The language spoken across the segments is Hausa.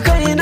可以。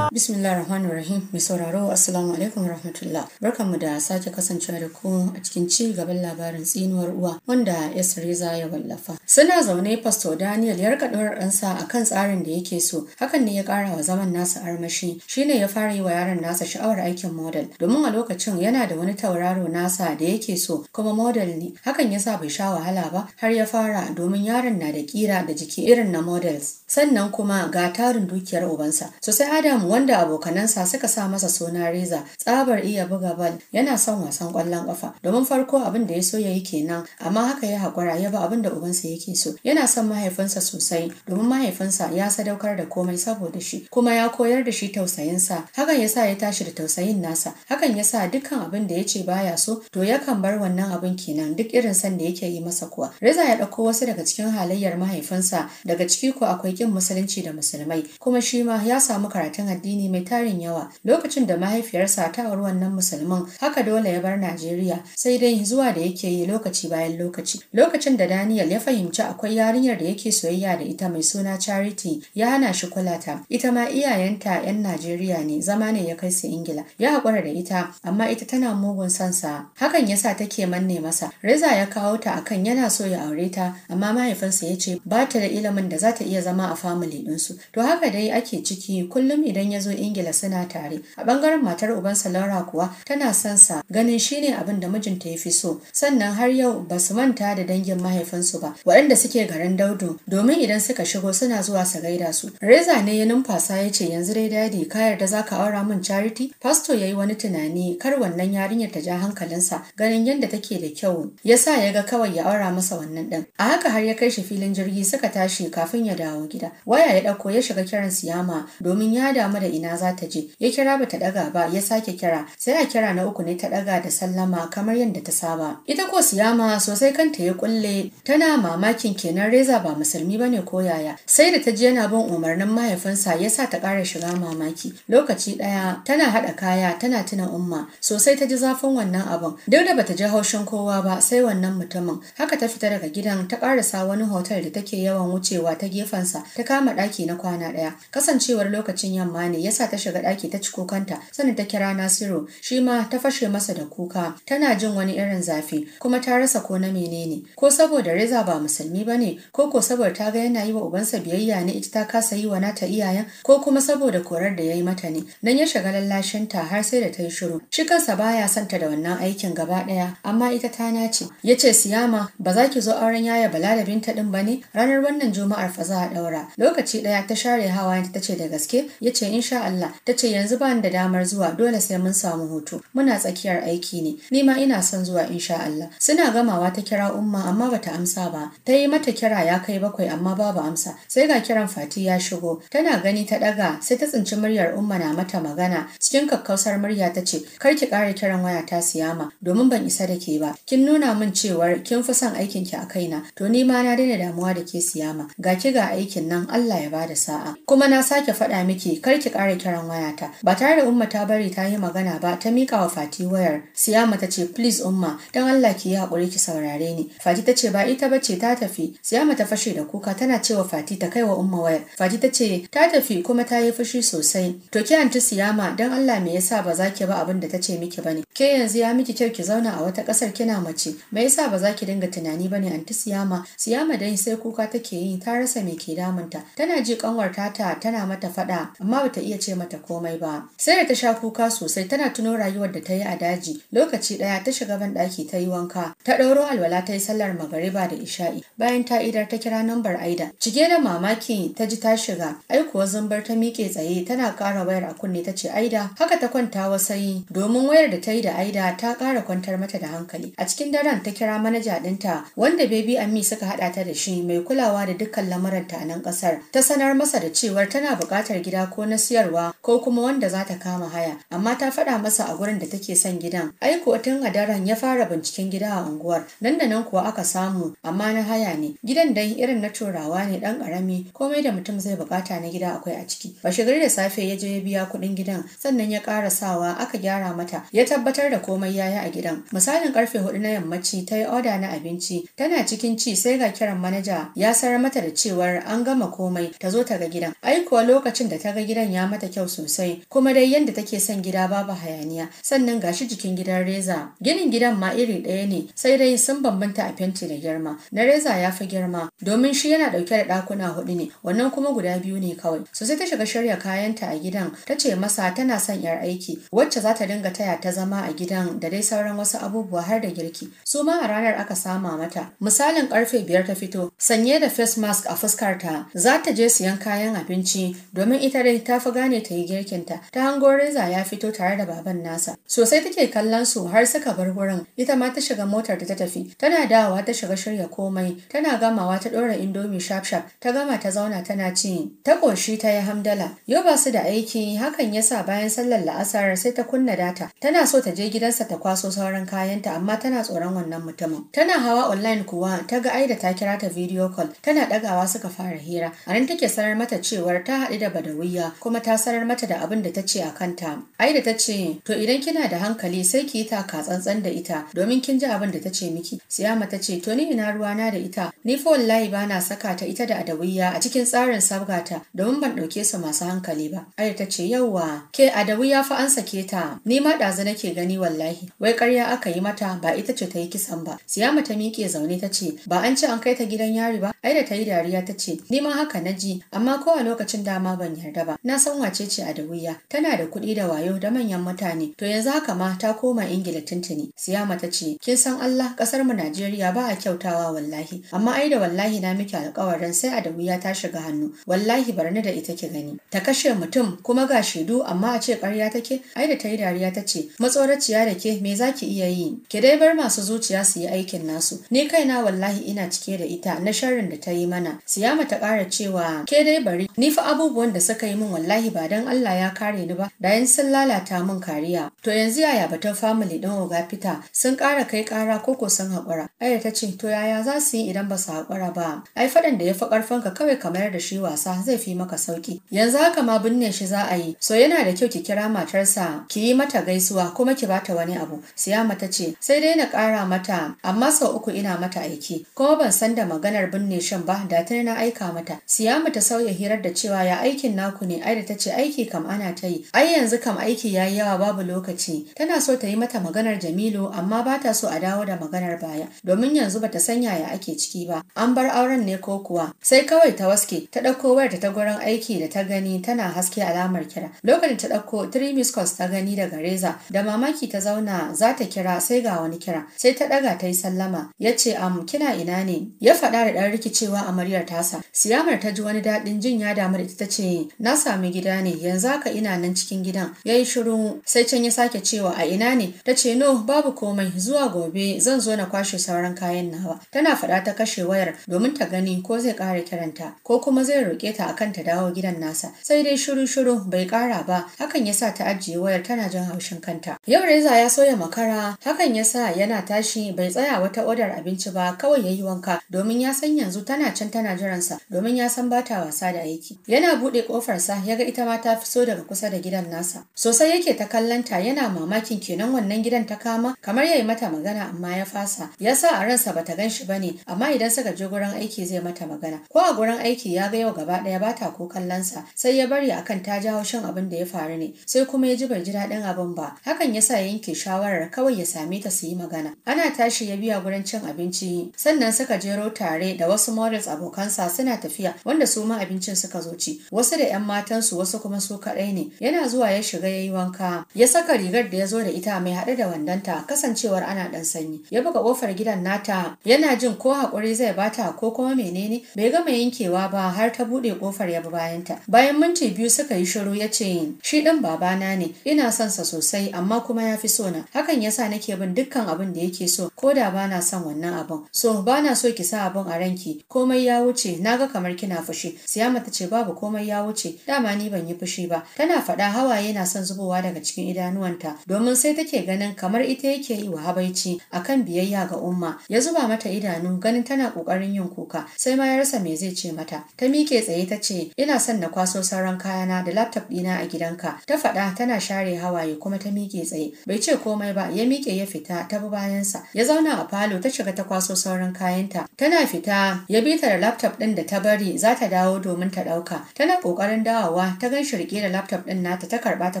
Bismillah rahman rahim mai sauraro assalamu alaikum rahmatullah barkanmu da sake kasancewa da ku a cikin ci gaban labarin tsinuwar uwa wanda Esreza ya wallafa. Suna zaune Pastor Daniel ya rika ɗorar ɗansa a kan tsarin da yake so hakan ne ya ƙara wa zaman nasa armashi shine ya fara yi wa yaron nasa sha'awar aikin model domin a lokacin yana da wani tauraro nasa da yake so kuma model ne hakan ya sa bai sha wahala ba har ya fara domin yaron na da kira da jiki irin na models. sannan kuma ga tarin dukiyar ubansa sosai adam wanda abokanansa suka sa masa suna reza tsabar iya buga bal yana son wasan kwallon kafa domin farko abin da ya so ya yi kenan amma haka ya hakura ya ba abin da ubansa yake so yana son mahaifinsa sosai domin mahaifinsa ya sadaukar da komai saboda shi kuma ya koyar da shi tausayinsa hakan ya sa ya tashi da tausayin nasa hakan ya sa dukkan abin da ya ce baya so to yakan bar wannan abin kenan duk irin san da yake yi masa kuwa reza ya ɗauko wasu daga cikin halayyar mahaifinsa daga ciki ko akwai cikin musulunci da musulmai kuma shi ma ya samu karatun addini mai tarin yawa lokacin da mahaifiyarsa ta auri wannan musulmin haka dole ya bar Najeriya sai dai zuwa da yake yi lokaci bayan lokaci lokacin da Daniel ya fahimci akwai yarinyar da yake soyayya da ita mai suna Charity ya hana shi kulata. ita ma iyayenta 'yan Najeriya ne zama ne ya kai su Ingila ya haƙura da ita amma ita tana mugun sansa hakan yasa take manne masa Reza ya kawo ta akan yana so ya aure ta amma mahaifinsa ya ce ba ta da ilimin da za ta iya zama a family ɗinsu. To haka dai ake ciki kullum idan ya zo Ingila suna tare. A ɓangaren matar ubansa Laura kuwa tana son sa ganin shine abin da mijinta ya fi so. Sannan har yau ba su manta da dangin mahaifinsu ba waɗanda suke garin Daudu domin idan suka shigo suna zuwa su gaida su. Reza ne ya numfasa ya ce yanzu dai dadi ka yarda za ka aura min charity? Pasto ya yi wani tunani kar wannan yarinyar ta ja hankalinsa ganin yadda take da kyau. Ya sa ya ga kawai ya aura masa wannan ɗin. A haka har ya kai shi filin jirgi suka tashi kafin ya dawo gida. gida waya ya ɗauko ya shiga kiran siyama domin ya damu da ina za ta je ya kira ba ta ɗaga ba ya sake kira sai a kira na uku ne ta ɗaga da sallama kamar yadda ta saba ita ko siyama sosai kanta ya kulle tana mamakin kenan reza ba musulmi ba ne ko yaya sai da ta je yana bin umarnin mahaifinsa ya sa ta ƙara shiga mamaki lokaci ɗaya tana haɗa kaya tana tuna umma sosai ta ji zafin wannan abun. duk da bata ji haushin kowa ba sai wannan mutumin haka ta fita daga gidan ta ƙarasa wani hotel da take yawan wucewa ta gefensa ta kama ɗaki na kwana ɗaya kasancewar lokacin yamma ne yasa ta shiga ɗaki ta ci kukanta sannan ta kira Nasiru shi ma ta fashe masa da kuka tana jin wani irin zafi kuma ta rasa ko na menene ko saboda Reza ba musulmi bane ko ko saboda ta ga yana yi wa ubansa biyayya ne ita ta kasa yi wa nata iyayen ko kuma saboda korar da yayi mata ne dan ya shiga lallashin ta har sai da ta yi shiru shi kansa baya son ta da wannan aikin gaba daya amma ita ta nace yace Siyama ba za ki zo auren yaya Bala da binta din bane ranar wannan juma'ar fa za a daura. lokaci ɗaya ta share hawa ta ce da gaske ya ce insha Allah ta ce yanzu ba da damar zuwa dole sai mun samu hutu muna tsakiyar aiki ne ni ma ina son zuwa insha Allah suna gamawa ta kira umma amma bata amsa ba ta yi mata kira ya kai bakwai amma babu amsa sai ga kiran Fati ya shigo tana gani ta ɗaga sai ta tsinci muryar umma na mata magana cikin kakkausar murya ta ce kar ki ƙara kiran waya ta siyama domin ban isa da ke ba kin nuna min cewar kin fi son aikin ki a kaina to ni ma na daina damuwa da ke siyama ga ki ga aikin aikin nan Allah ya bada sa'a kuma na sake faɗa miki kar ki ƙara kiran wayata ba tare da umma ta bari ta yi magana ba ta mika wa Fati wayar Siyama ta ce please umma dan Allah ki yi haƙuri ki saurare ni Fati ta ce ba ita bace ta tafi Siyama ta fashe da kuka tana cewa Fati ta kai wa umma wayar Fati ta ce ta tafi kuma ta yi fushi sosai to ki anti Siyama dan Allah me yasa ba za ki ba abin da ta ce miki bane ke yanzu ya miki kyau ki zauna a wata ƙasar kina mace me yasa ba za ki dinga tunani bane anti Siyama Siyama dai sai kuka take yi ta rasa me ke damu damunta tana ji kanwar tata tana mata fada amma bata iya ce mata komai ba sai da ta sha kuka sosai tana tuno rayuwar da ta yi a daji lokaci daya ta shiga ban daki ta yi wanka ta ɗauro alwala ta yi sallar magariba da isha'i bayan ta idar ta kira nambar aida cike da mamaki ta ji ta shiga ai kuwa zumbar ta miƙe tsaye tana kara wayar a kunne ta ce aida haka ta kwanta wasai domin wayar da ta yi da aida ta kara kwantar mata da hankali a cikin daren ta kira manaja dinta wanda baby ammi suka hada ta da shi mai kulawa da dukkan lamuranta a nan kasar ta sanar masa da cewar tana buƙatar gida ko na siyarwa ko kuma wanda za ta kama haya amma ta faɗa masa a gurin da take son gidan ai ko tun a daren ya fara binciken gida a unguwar nan da nan kuwa aka samu amma na haya ne gidan dan irin na turawa ne dan karami komai da mutum zai buƙata na gida akwai a ciki Ba shigar da safe ya je ya biya kuɗin gidan sannan ya ƙara sawa aka gyara mata ya tabbatar da komai yayi a gidan misalin karfe hudu na yammaci ta yi oda na abinci tana cikin ci sai ga kiran manaja ya sarar mata da cewar an ga gama komai ta zo ta ga gidan ai kuwa lokacin da ta ga gidan ya mata kyau sosai kuma dai yadda take son gida babu hayaniya sannan gashi jikin gidan reza ginin gidan ma iri ɗaya ne sai dai sun bambanta a fenti da girma na reza ya fi girma domin shi yana ɗauke da ɗakuna huɗu ne wannan kuma guda biyu ne kawai so sai ta shiga shirya kayanta a gidan ta ce masa tana son yar aiki wacce za ta dinga taya ta zama a gidan da dai sauran wasu abubuwa har da girki su ma a ranar aka sama mata misalin karfe biyar ta fito sanye da face mask a fuskarta. za ta je siyan kayan abinci domin ita dai ta fi gane ta yi girkinta ta hango reza ya fito tare da baban nasa. Sosai take kallon su har suka bar wurin ita ma ta shiga motar da ta tafi tana dawowa ta shiga shirya komai tana gamawa ta ɗora indomi shaf shaf ta gama ta zauna tana ci ta ƙoshi ta yi hamdala yau ba su da aiki hakan ya sa bayan sallar la'asar sai ta kunna data tana so ta je gidansa ta kwaso sauran kayanta amma tana tsoron wannan mutumin tana hawa online kuwa ta ga aida ta kira ta video call tana ɗagawa suka fara hira hira a nan take sanar mata cewar ta haɗu da badawiya kuma ta sanar mata da abin da ta ce a kanta ai da ta ce to idan kina da hankali sai ki yi taka tsantsan da ita domin kin ji abin da ta ce miki siyama ta ce to ni ina ruwa na da ita ni fa wallahi bana saka ta ita da adawiya a cikin tsarin sabga ta. domin ban ɗauke su masu hankali ba ai ta ce yauwa ke adawiya fa an sake ta ni ma ɗazu nake gani wallahi wai ƙarya aka yi mata ba ita ce ta yi kisan ba siyama ta miƙe zaune ta ce ba an ce an kai ta gidan yari ba ai da ta yi dariya ta ce ni ma haka na ji amma ko a lokacin dama ban yarda ba na san wace ce a da wuya tana da kuɗi da wayo da manyan mutane to yanzu haka ma ta koma ingila tuntuni siyama ta ce kin san allah ƙasar mu najeriya ba a kyautawa wallahi amma ai da wallahi na miki alƙawarin sai a da wuya ta shiga hannu wallahi bar ni da ita ki gani ta kashe mutum kuma ga shaidu amma a ce ƙarya take ai da ta yi dariya ta ce matsoraciya da ke me za ki iya yi ki dai bar masu zuciya su yi aikin nasu ni kaina wallahi ina cike da ita na sharrin da ta yi mana siyama ta ƙara cewa ke dai bari ni fa abubuwan da suka yi min wallahi ba dan Allah ya kare ni ba da yan sun lalata min kariya to yanzu yaya batun family din oga fita sun ƙara kai kara ko ko sun haƙura aya ta ce to yaya za su yi idan ba su haƙura ba ai faɗan da ya fi ka kawai kamar da shi wasa zai fi maka sauki yanzu haka ma binne shi za a yi so yana da kyau ki kira matarsa ki yi mata gaisuwa kuma ki bata wani abu siyama ta ce sai dai na ƙara mata amma sau uku ina mata aiki kuma ban san da maganar binne shan ba da na aika mata Siyamu ta sauya hirar da cewa ya aikin naku ne ai da ta ce aiki kam ana ta yi ai yanzu kam aiki ya yi yawa babu lokaci tana so ta yi mata maganar jamilu amma ba ta so a dawo da maganar baya domin yanzu ba ta san yaya ake ciki ba an bar auren ne ko kuwa sai kawai ta waske ta ɗauko wayar ta gurin aiki da ta gani tana haske alamar kira lokacin ta ɗauko three ta gani daga reza da mamaki ta zauna za ta kira sai ga wani kira sai ta ɗaga ta yi sallama ya ce am kina ina ne ya faɗa da ɗan rikicewa amaryar muryar tasa Siyamar ta ji wani daɗin jin ya damu da ita ce na sami gida ne yanzu haka ina nan cikin gidan ya yi shiru sai can ya sake cewa a ina ne ta ce no babu komai zuwa gobe zan zo na kwashe sauran kayan nawa tana faɗa ta kashe wayar domin ta gani ko zai ƙara kiranta ko kuma zai roƙe ta akan ta dawo gidan nasa sai dai shiru shiru bai ƙara ba hakan ya sa ta ajiye wayar tana jin haushin kanta yau reza ya soya makara hakan ya sa yana tashi bai tsaya wata odar abinci ba kawai ya yi wanka domin ya san yanzu tana can tana jiransa domin ya san bata wasa da aiki. Yana buɗe ƙofarsa ya ga ita ma ta fi daga kusa da gidan nasa. Sosai yake ta kallanta yana mamakin kenan wannan gidan ta kama kamar ya yi mata magana amma ya fasa. Ya sa a ransa bata gan shi bane amma idan suka je gurin aiki zai mata magana. Ko a gurin aiki ya ga yau gaba ɗaya bata ta ko sa, sai ya bari akan ta jawo haushin abin da ya faru ne sai kuma ya ji bai ji daɗin abin ba. Hakan ya sa yanke shawarar kawai ya same ta su yi magana. Ana tashi ya biya gurin cin abinci sannan suka jero tare da wasu models abokansa suna tafiya wanda su ma abincin suka zo ci wasu da 'yan matan su wasu kuma su kadai ne yana zuwa ya shiga yayi wanka ya saka rigar da ya zo da ita mai haɗe da wandanta kasancewar ana ɗan sanyi ya buga kofar gidan nata yana jin ko hakuri zai bata ko kuma menene bai gama yankewa ba har ta buɗe kofar ya bi bayanta bayan minti biyu suka yi shiru ya ce shi ɗin babana ne ina son sa sosai amma kuma ya fi so na hakan yasa nake bin dukkan abin da yake so ko da bana son wannan abin so bana so ki sa abin a ranki komai ya wuce naga kamar kina fushi siyama ta ce babu komai ya wuce dama ni ban yi fushi ba tana faɗa hawaye na son zubowa daga cikin idanuwanta domin sai take ganin kamar ita yake yi wa habaici akan biyayya ga umma ya zuba mata idanu ganin tana kokarin yin kuka sai ma ya rasa me zai ce mata ta mike tsaye ta ce ina son na kwaso sauran kayana da laptop ɗina a gidanka ta faɗa tana share hawaye kuma ta mike tsaye bai ce komai ba ya mike ya fita ta bi bayansa ya zauna a falo ta shiga ta kwaso sauran kayanta tana fita ya bi ta da laptop ɗin da ta bari za ta dawo domin ta ɗauka. Tana ƙoƙarin dawowa ta gan shi rike da laptop ɗin nata ta karɓa ta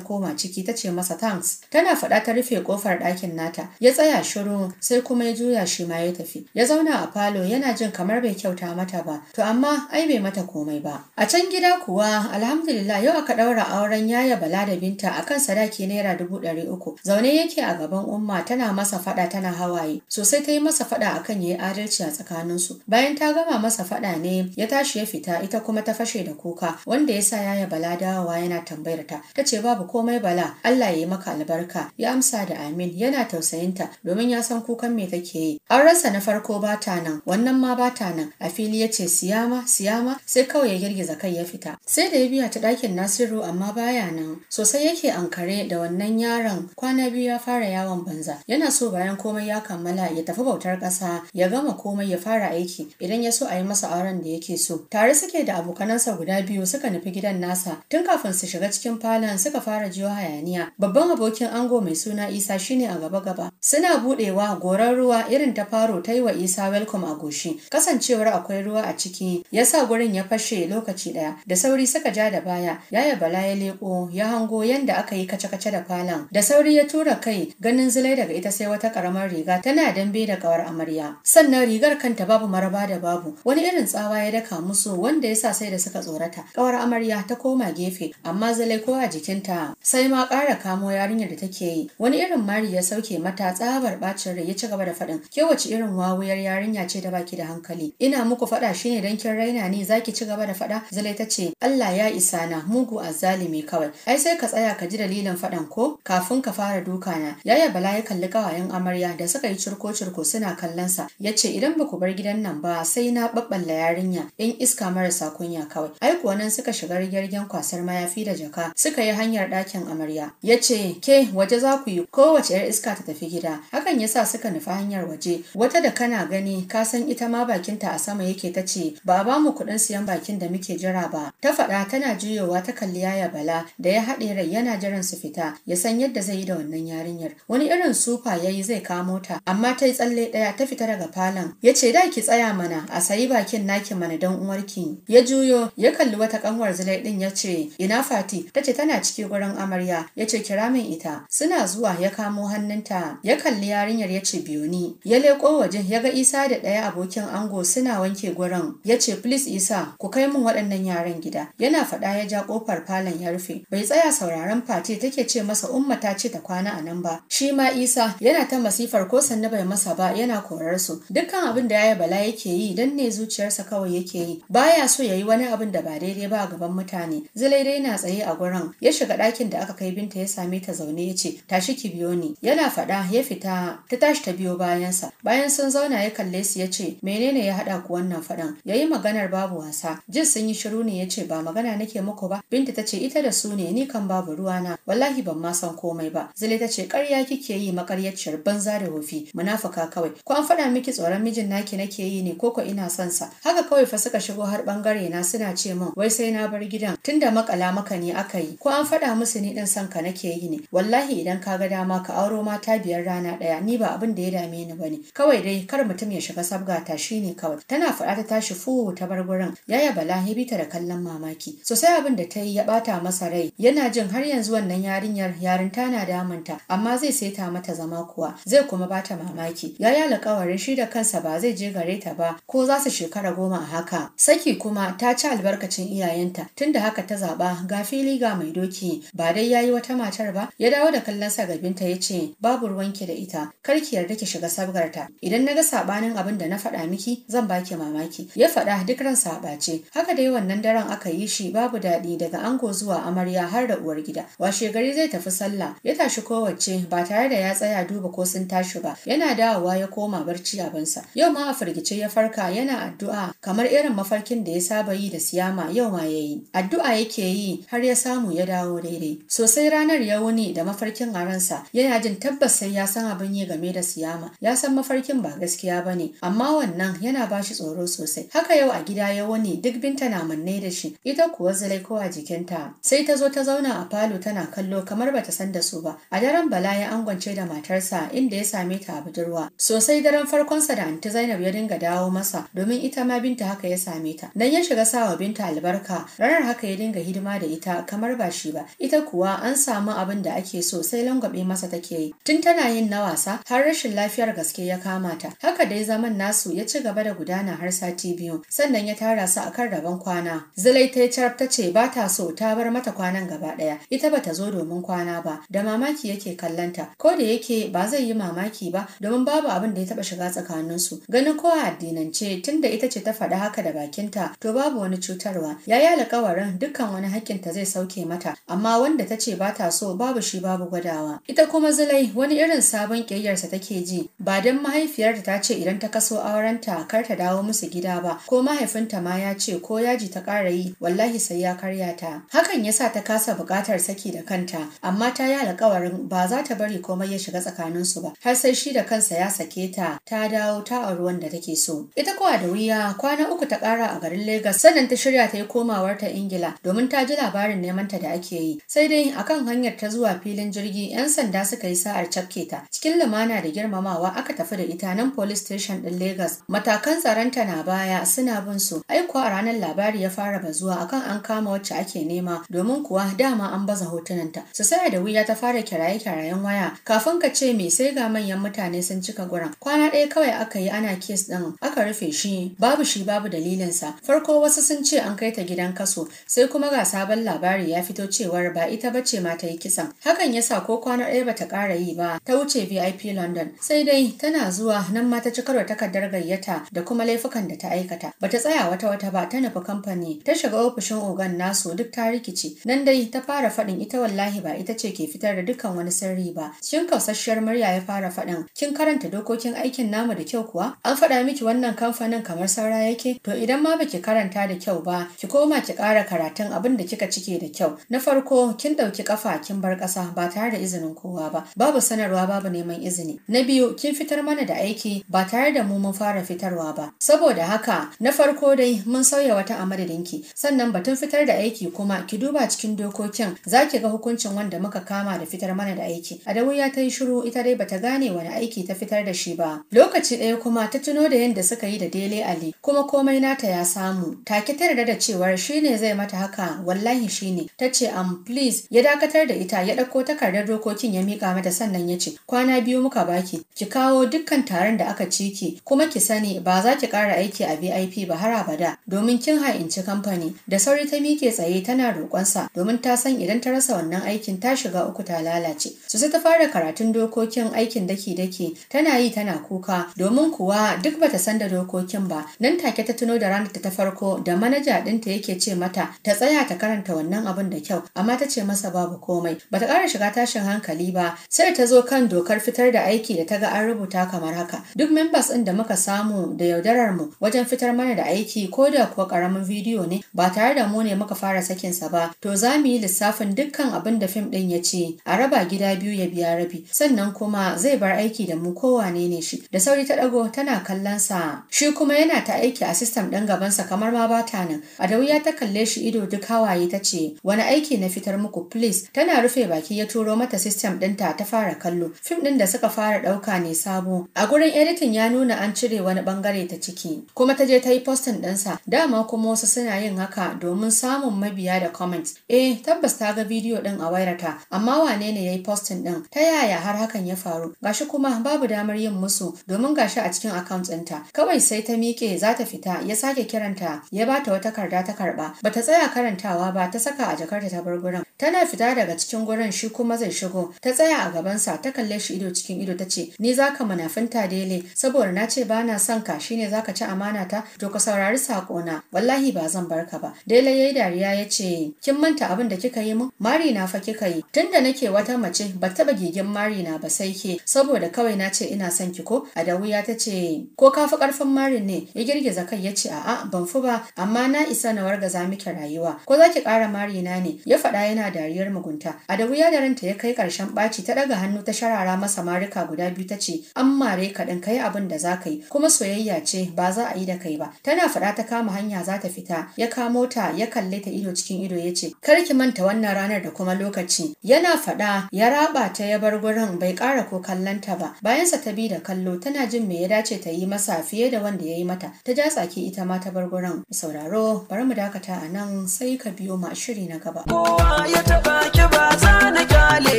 koma ciki ta ce masa thanks. Tana faɗa ta rufe ƙofar ɗakin nata. Ya tsaya shiru sai kuma ya juya shi ma ya tafi. Ya zauna a falo yana jin kamar bai kyauta mata ba. To amma ai bai mata komai ba. A can gida kuwa alhamdulillah yau aka ɗaura auren yaya Bala da Binta a kan sadaki naira dubu ɗari uku. Zaune yake a gaban Umma tana masa faɗa tana hawaye. Sosai ta yi masa faɗa akan ya yi adalci a tsakaninsu. Bayan ta gama masa faɗa ne ya tashi ya fita ita kuma ta fashe da kuka wanda ya sa yaya bala dawowa yana tambayar ta ta ce babu komai bala Allah ya yi maka albarka ya amsa da amin yana tausayinta domin ya san kukan me take yi an rasa na farko bata nan wannan ma bata nan a fili ya ce siyama siyama sai kawai ya girgiza kai ya fita sai da ya biya ta ɗakin nasiru amma baya nan sosai yake ankare da wannan yaron kwana biyu ya fara yawon banza yana so bayan komai ya kammala ya tafi bautar ƙasa ya gama komai ya fara aiki idan ya so a yi masa auren da yake so so tare suke da abokanansa guda biyu suka nufi gidan nasa tun kafin su shiga cikin falon suka fara jiyo hayaniya babban abokin ango mai suna isa shine a gaba gaba suna budewa goran ruwa irin ta faro ta yi wa isa welcome a goshi kasancewar akwai ruwa a ciki ya sa gurin ya fashe lokaci daya da sauri suka ja da baya yaya bala ya leko ya hango yanda aka yi kace-kace da falon da sauri ya tura kai ganin zulai daga ita sai wata karamar riga tana dambe da kawar amarya sannan rigar kanta babu maraba da babu wani irin tsawa ya daka aika musu wanda ya sa sai da suka tsorata kawar amarya ta koma gefe amma zalai ko a jikinta sai ma ƙara kamo yarinyar da take yi wani irin mari ya sauke mata tsabar bacin rai ya ci gaba da faɗin ke wace irin wawuyar yarinya ce da baki da hankali ina muku faɗa shine dan kin raina ne zaki ci gaba da faɗa zalai ta ce Allah ya isa na mugu azzalimi kawai ai sai ka tsaya ka ji dalilin faɗan ko kafin ka fara duka na yaya bala ya kalli kawayen amarya da suka yi cirko cirko suna kallon sa ya ce idan ba ku bar gidan nan ba sai na babballa yarinya in iska marasa kunya kawai ai nan suka shiga rigirgen kwasar mayafi da jaka suka yi hanyar ɗakin amarya ya ce ke waje za ku yi kowace 'yar iska ta tafi gida hakan ya sa suka nufi hanyar waje wata da kana gani ka san ita ma bakinta a sama yake ta ce ba a ba mu kuɗin siyan bakin da muke jira ba ta faɗa tana juyowa ta kalli yaya bala da ya haɗe rai yana jiran su fita ya san yadda zai yi da wannan yarinyar wani irin sufa ya yi zai kamo ta amma ta yi tsalle ɗaya ta fita daga falon ya ce da ki tsaya mana a sayi bakin naki mana dan uwarki ya juyo ya kalli wata kanwar zulai din ya ce ina fati tace tana ciki gurin amarya ya ce kira min ita suna zuwa ya kamo hannunta ya kalli yarinyar ya ce biyo ni ya leko waje ya ga isa da ɗaya abokin ango suna wanke gurin ya ce please isa ku kai mun waɗannan yaran gida yana faɗa ya ja ƙofar falon ya rufe bai tsaya sauraron fati take ce masa umma ta ce ta kwana a nan ba shi ma isa yana ta masifar ko sanna bai masa ba yana korar su dukkan abin da ya bala yake yi dan ne zuciyarsa kawai yake yake yi baya so ya yi wani abin da ba daidai ba a gaban mutane zulai dai na tsaye a gurin ya shiga ɗakin da aka kai binta ya same ta zaune ya ce tashi ki biyo ni yana faɗa ya fita ta tashi ta biyo bayansa bayan sun zauna ya kalle su ya ce menene ya haɗa ku wannan faɗan ya yi maganar babu wasa jin sun yi shiru ne ya ce ba magana nake muku ba binta ta ce ita da su ne ni kan babu ruwa na. wallahi ban ma san komai ba zulai ta ce ƙarya kike yi makaryaciyar banza da wofi munafuka kawai ko an faɗa miki tsoron mijin naki nake yi ne ko ko ina son sa haka kawai fa suka shigo har bangare na suna ce min wai sai na bar gidan tunda makala maka ne aka yi ko an faɗa musu ni din sanka nake yi ne wallahi idan ka ga dama ka auro mata biyar rana ɗaya ni ba abin da ya dame ni ne. kawai dai kar mutum ya shiga sabga sabgata ne kawai tana faɗa ta tashi fu ta bar gurin yaya bala ya bita da kallon mamaki sosai abin da ta yi ya bata masa rai yana jin har yanzu wannan yarinyar yarinta na damunta amma zai saita mata zama kuwa zai kuma bata mamaki yaya alƙawarin shi da kansa ba zai je gare ta ba ko za su shekara goma a haka haka. Saki kuma ta ci albarkacin iyayenta tunda haka ta zaɓa ga fili ga mai doki ba dai yayi wata matar ba ya dawo da kallon sa gabinta ya ce babu ruwanki da ita kar ki yarda ki shiga sabgarta idan na ga sabanin abin da na faɗa miki zan baki mamaki ya faɗa duk ran saɓace haka dai wannan daren aka yi shi babu daɗi daga ango zuwa amarya har da uwar gida washe gari zai tafi sallah ya tashi kowacce. ba tare da ya tsaya duba ko sun tashi ba yana dawowa ya koma barci abinsa yau ma a firgice ya farka yana addu'a kamar irin irin mafarkin da ya saba yi da siyama yau ma ya yi addu'a yake yi har ya samu ya dawo daidai sosai ranar ya wuni da mafarkin a ransa yana jin tabbas sai ya san abin yi game da siyama ya san mafarkin ba gaskiya ba ne amma wannan yana ba shi tsoro sosai haka yau a gida ya wuni duk binta na manne da shi ita kuwa zalai ko a jikinta sai ta zo ta zauna a falo tana kallo kamar bata san da su ba a daren bala ya angwance da matarsa inda ya same ta a budurwa sosai daren farkonsa da anti zainab ya dinga dawo masa domin ita ma binta haka ya ya same ta dan ya shiga sawa binta albarka ranar haka ya dinga hidima da ita kamar ba shi ba ita kuwa an samu abin da ake so sai langwabe masa take yi tun tana yin na wasa har rashin lafiyar gaske ya kama ta haka dai zaman nasu ya ci gaba da gudana har sati biyu sannan ya tara su akan rabon kwana zulai ta ta ce ba ta so ta bar mata kwanan gaba daya ita ta zo domin kwana ba da mamaki yake kallanta ko da yake ba zai yi mamaki ba domin babu abin da ya taba shiga tsakaninsu ganin ko a addinance tunda ita ce ta faɗa haka haka da bakinta to babu wani cutarwa ya yi alkawarin dukkan wani ta zai sauke mata amma wanda ta ce ba ta so babu shi babu gwadawa ita kuma zulai wani irin sabon ƙiyayyarsa take ji ba dan mahaifiyarta ta ce idan ta kaso aurenta kar ta dawo musu gida ba ko mahaifinta ma ya ce ko yaji ta ƙara yi wallahi sai ya karya ta hakan ya sa ta kasa buƙatar saki da kanta amma ta yi alkawarin ba za ta bari komai ya shiga tsakanin su ba har sai shi da kansa ya sake ta ta dawo ta a ruwan da take so ita kuwa da wuya kwana uku uku ta ƙara a garin Legas sannan ta shirya ta yi komawar ta Ingila domin ta ji labarin neman ta da ake yi. Sai dai akan hanyar ta zuwa filin jirgi 'yan sanda suka yi sa'ar cafke ta. Cikin lumana da girmamawa aka tafi da ita nan police station ɗin Legas. Matakan tsaronta na baya suna bin su. Aiko a ranar labari ya fara bazuwa akan an kama wacce ake nema domin kuwa dama an baza hotunanta. Su saya da wuya ta fara kiraye-kirayen waya kafin ka ce me sai ga manyan mutane sun cika gurin. Kwana ɗaya kawai aka yi ana kes ɗin aka rufe shi babu shi babu dalilinsa farko wasu sun ce an kai ta gidan kaso sai kuma ga sabon labari ya fito cewar ba ita bace ma ta yi kisan hakan ya sa ko kwana ɗaya bata ƙara yi ba ta wuce vip london sai dai tana zuwa nan ma ta ci karo takardar gayyata da kuma laifukan da ta aikata bata tsaya wata wata ba ta nufi kamfani ta shiga ofishin ogan nasu duk ta rikice nan dai ta fara faɗin ita wallahi ba ita ce ke fitar da dukkan wani sirri ba shin kausasshiyar murya ya fara faɗin kin karanta dokokin aikin namu da kyau kuwa an faɗa miki wannan kamfanin kamar saura yake To idan ma baki karanta da kyau ba, ki koma ki ƙara karatun abin da kika cike da kyau. Na farko, kin ɗauki ƙafa kin bar ƙasa ba tare da izinin kowa ba, babu sanarwa babu neman izini. Na biyu, kin fitar mana da aiki ba tare da mu mun fara fitarwa ba. Saboda haka, na farko dai mun sauya wata a madadinki, sannan batun fitar da aiki kuma ki duba cikin dokokin za ki ga hukuncin wanda muka kama da fitar mana da aiki. a wuya ta yi shiru ita dai bata gane wani aiki ta fitar da shi ba. Lokaci ɗaya kuma ta tuno da yadda suka yi da Dele Ali kuma komai komai nata ya samu take ta yarda da cewar shine zai mata haka wallahi shine ta ce am please ya dakatar da ita ya ɗauko takardar dokokin ya mika mata sannan ya ce kwana biyu muka baki ki kawo dukkan taron da aka ci ki kuma ki sani ba za ki kara aiki a VIP ba har abada domin kin ha'inci kamfani da sauri ta mike tsaye tana roƙonsa domin ta san idan ta rasa wannan aikin ta shiga uku ta lalace su ta fara karatun dokokin aikin daki-daki tana yi tana kuka domin kuwa duk bata san da dokokin ba nan take ta tuno da ranar ta farko da manaja ɗinta yake ce mata ta tsaya ta karanta wannan abin da kyau amma ta ce masa babu komai bata ƙara shiga tashin hankali ba sai ta zo kan dokar fitar da aiki da ta ga an rubuta kamar haka duk members ɗin da muka samu da yaudarar mu wajen fitar mana da aiki ko da kuwa ƙaramin bidiyo ne ba tare da mu ne muka fara sakin sa ba to za mu yi lissafin dukkan abin da fim ɗin ya ce a raba gida biyu ya biya rabi sannan kuma zai bar aiki da mu kowane ne shi da sauri ta ɗago tana kallon sa shi kuma yana ta aiki assistant sistam ɗin gabansa kamar ma ba ta nan. Adawiya ta kalle shi ido duk hawaye ta ce, wani aiki na fitar muku please. Tana rufe baki ya turo mata sistem ɗinta ta fara kallo. Fim ɗin da suka fara ɗauka ne sabo. A gurin editin ya nuna an cire wani ɓangare ta ciki. Kuma ta je ta yi postin ɗinsa. Dama kuma wasu suna yin haka domin samun mabiya da comment. Eh, tabbas ta ga bidiyo ɗin a wayarta, amma wane ne ya yi postin ɗin? Ta yaya har hakan ya faru? Gashi kuma babu damar yin musu domin gashi a cikin account ɗinta. Kawai sai ta miƙe za ta fita ya sake kiranta ya bata wata karda ta karba bata tsaya karantawa ba ta saka a jakarta ta bar gurin tana fita daga cikin gurin shi kuma zai shigo ta tsaya a gaban sa ta kalle shi ido cikin ido ta ce ni zaka munafinta dele saboda na ce ba son ka shine zaka ci amana ta to ka saurari na. wallahi ba zan bar ka ba dele yayi dariya ya ce kin manta abin da kika yi min mari na fa kika yi tunda nake wata mace ba taba gigin mari na ba sai ke saboda kawai na ce ina son ki ko a da wuya tace ko ka fi karfin marin ne ya girgiza kai ya ce a'a ban fi ba amma na isa na wargaza miki rayuwa ko za ki ƙara mari na ne ya faɗa yana dariyar mugunta a da wuya da ranta ya kai ƙarshen ɓaci ta ɗaga hannu ta sharara masa marika guda biyu ta ce an mare ka ɗin kai abin da za ka yi kuma soyayya ce ba za a yi da kai ba tana faɗa ta kama hanya za ta fita ya kamo ta ya kalle ta ido cikin ido ya ce kar ki manta wannan ranar da kuma lokaci yana faɗa ya raba ta ya bar gurin bai ƙara ko kallon ta ba sa ta bi da kallo tana jin me ya dace ta yi masa fiye da wanda ya yi mata ta ja tsaki mamaki ita ma ta bar gurin sauraro bari mu dakata a nan sai ka biyo ma shiri na gaba kowa ya taba ki ba za na kyale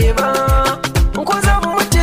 ba ko zan mutu